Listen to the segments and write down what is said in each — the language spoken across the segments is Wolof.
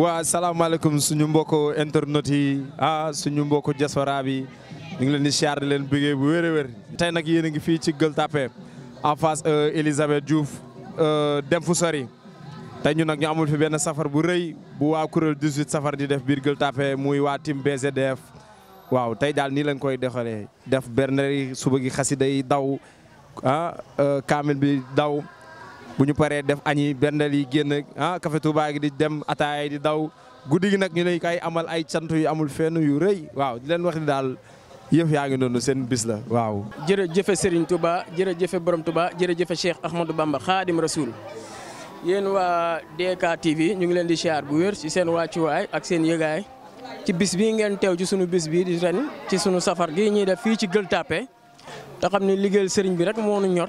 waa salaamaaleykum suñu mbokk internet yi ah suñu mbokku diaspora yi ñu ngi leen di siyaar di leen bëggee bu wér a tey nag yéen a ngi fii ci Gueule Tapée en face euh, Elisabeth Diouf euh, dem fu sori tey ñu nag ñu amul fi benn safar bu rëy bu waa kuréel 18 safar di def biir Gueule Tapée muy waa team BZDF waaw tey daal nii lañ koy doxalee def berneer yi suba gi xasida yi daw ah euh, kaamil bi daw bu ñu paree def añi bendal yi génn ah café Touba gi di dem ataaya di daw guddi gi nag ñu lay kay amal ay sant yu amul fenn yu rëy waaw di leen wax daal yëf yaa ngi noonu seen bis la waaw. jërëjëf Serigne Touba jërëjëf Borom Touba jërëjëf Cheikh Ahmadou Bamba Khadim Rasoul yéen waa DK TV ñu ngi leen di siyaar bu wér ci seen wàccuwaay ak seen yëgaay ci bis bii ngeen teew ci sunu bis bii di ren ci sunu safar gi ñuy def fii ci Gueule Tapée te xam ne liggéeyal Serigne bi rek moo nu ñor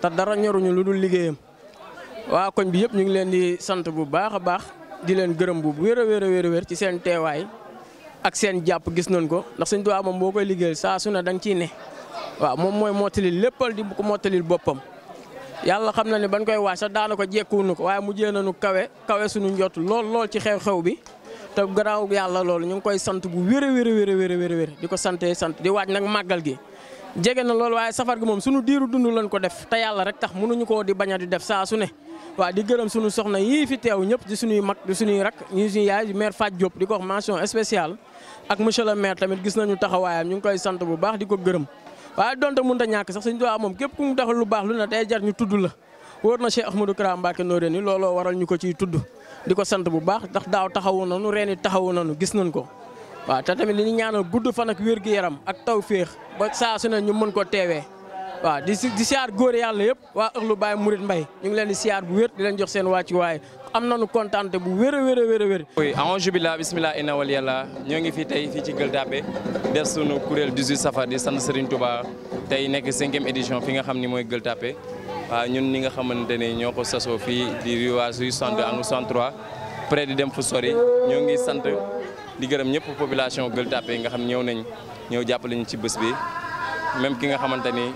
te dara ñoruñu lu dul liggéeyam. waa koñ bi yëpp ñu ngi leen di sant bu baax a baax di leen gërëm bu wér a wér a ci seen teewaay ak seen jàpp gis nañ ko ndax Sëñ Tuubaa moom boo koy liggéeyal saa su ne da nga ciy ne waaw moom mooy mottali léppal di ko mottalil boppam. yàlla xam na ne bañ koy waaj sax daana ko jekkuwunu ko mu mujjee nañu kawe kawe suñu njott lool lool ci xew-xew bi te gannaaw yàlla loolu ñu ngi koy sant bu wér a wér a wér a wér a di ko sante sant di waaj nag màggal gi. jege na loolu waaye safar gi moom sunu diiru dund lan ko def te yàlla rek tax mënuñu koo di bañ a di def saa su ne waaw di gërëm sunu soxna yii fi teew ñëpp di suñuy mag di suñuy rak ñu suñu yaay maire Fatou Diop di ko wax mention ak monsieur le maire tamit gis nañu taxawaayam ñu ngi koy sant bu baax di ko gërëm waaye donte mun a ñàkk sax suñu doyen moom képp ku mu defal lu baax lu ne day jar ñu tudd la wóor na Cheikh Ahmadou Kara Mbacké Noreyni looloo waral ñu ko ciy tudd di ko sant bu baax ndax daaw taxawu nañu ren it taxawu nañu gis nañ ko waaw te tamit li ñu ñaanal gudd fan ak wér gu yaram ak taw féex ba saa su ne ñu mën ko teewee waa di di siyaar góor yàlla yëpp waa ëxlu Baye Mouride mbay ñu ngi leen di siyaar bu wér di leen jox seen wàccu am am nu kontaan bu wér a wér a wér a wér. oui aouzu billah bismillah inna wal ñoo ngi fi tey fii ci Gueule Tapée nu sunu kuréel 18 safar di sant Serigne Touba tey nekk cinquième édition fi nga xam ni mooy Gueule Tapée waaw ñun ñi nga xamante ne ñoo ko sasoo fii di rue waa rue 62 angle dem fu sori ñoo ngi sant. di gërëm ñëpp population Gueule Tapée nga xam ñëw nañ ñëw jàppale ñu ci bés bi même ki nga xamante ni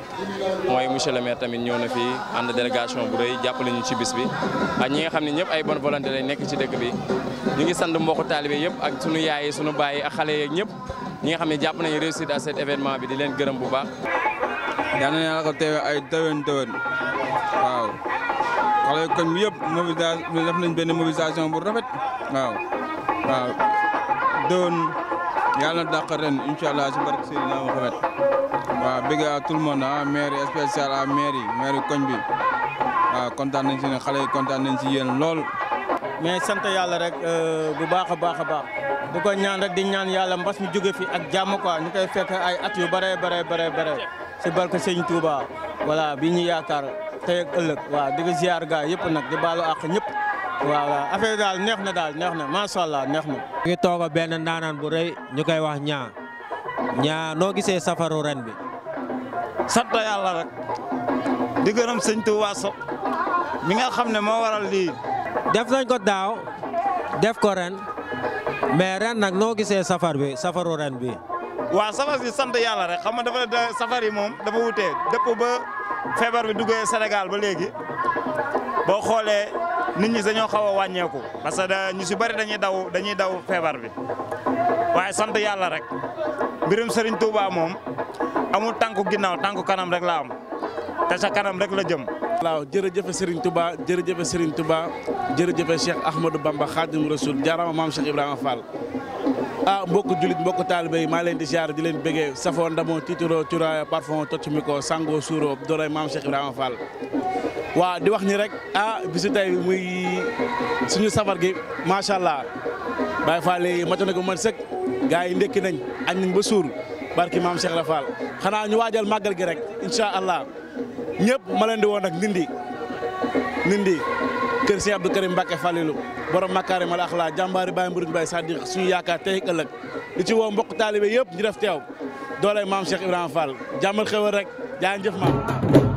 mooy monsieur le maire tamit ñëw na fi ànd délégation bu rëy jàppale ñu ci bis bi ak ñi nga xam ne ñëpp ay bon volonté lay nekk ci dëkk bi ñu ngi sant mbokku taalibe yëpp ak sunu yaay yi sunu baay ak xale yeeg ñëpp ñi xam ne jàpp nañu réussite à cet événement bi di leen gërëm bu baax. yal na ay déwén déwén waaw xale koñ bi yëpp mobilisation def nañ bu rafet waaw waaw. déwén yàlla na dàq ren incha allah si barke Seydina Mohamed waaw bëgg à tout a monde ah maire spécial à ah, yi maire koñ bi waaw kontaan nañ si ne xale yi kontaan nañ si yéen lool. mais sant yàlla rek euh, bu baax a baax a baax di ko ñaan rek di ñaan yàlla mbas mi jóge fi ak jàmm quoi ñu koy fekk ay at yu bare bare bare bare si barke Sëñ Touba voilà bi ñu yaakaar tey ëllëg waa di ko ziar gaa yëpp nag di baalu àq ñëpp. voilà affaire daal neex na daal neex na macha allah neex na. ñu ngi toog benn ndaanaan bu rëy ñu koy wax ñaa ñaa noo gisee safaru ren bi. sant yàlla rek. di gërëm sëñ Tuubaa so mi nga xam ne moo waral lii. def nañ ko daaw def ko ren mais ren nag noo gisee safar bi safaru ren bi. waaw safar bi sant yàlla rek xam nga dafa safar yi moom dafa wutee dëpp ba feebar bi duggee Sénégal ba léegi boo xoolee. nit ñi dañoo xaw a wàññeeku parce que ñu si bari dañuy daw dañuy daw feebar bi waaye sant yàlla rek mbirum Serigne Touba moom amu tànku ginnaaw tànku kanam rek la am te sa kanam rek la jëm. waaw jërëjëfe Serigne Touba jërëjëfe Serigne Touba jërëjëfe Cheikh Ahmadou Bamba Khadim Rasoul jaarama maam Cheikh Ibrahima Fall. ah mbokku jullit mbokku taalibe yi maa leen di ziar di leen bëggee safoo ndamoo tiituroo curaaya parfum tocc mi ko sangoo suuroo doolay maam Cheikh Ibrahima Fall. waaw di wax ñi rek ah bisu tey muy suñu safar gi macha allah Baye Fall yi matu na ko man sëkk gars yi ndekki nañ añ nañ ba suur barki maam Cheikh Ibra xanaa ñu waajal màggal gi rek incha allah ñëpp ma leen woon nag Ndindi Ndindi kër Serigne Abdou Karim Mbacke Fallilou borom makaarimal axlaa jàmbaari Baye Mbourou Baye Sadiq suñu yaakaar tey ak ëllëg di ci woo mbokk taalibe yëpp ñu def teew doole maam Cheikh Ibrahima Fall jàmmal xewal rek jaa jëf maam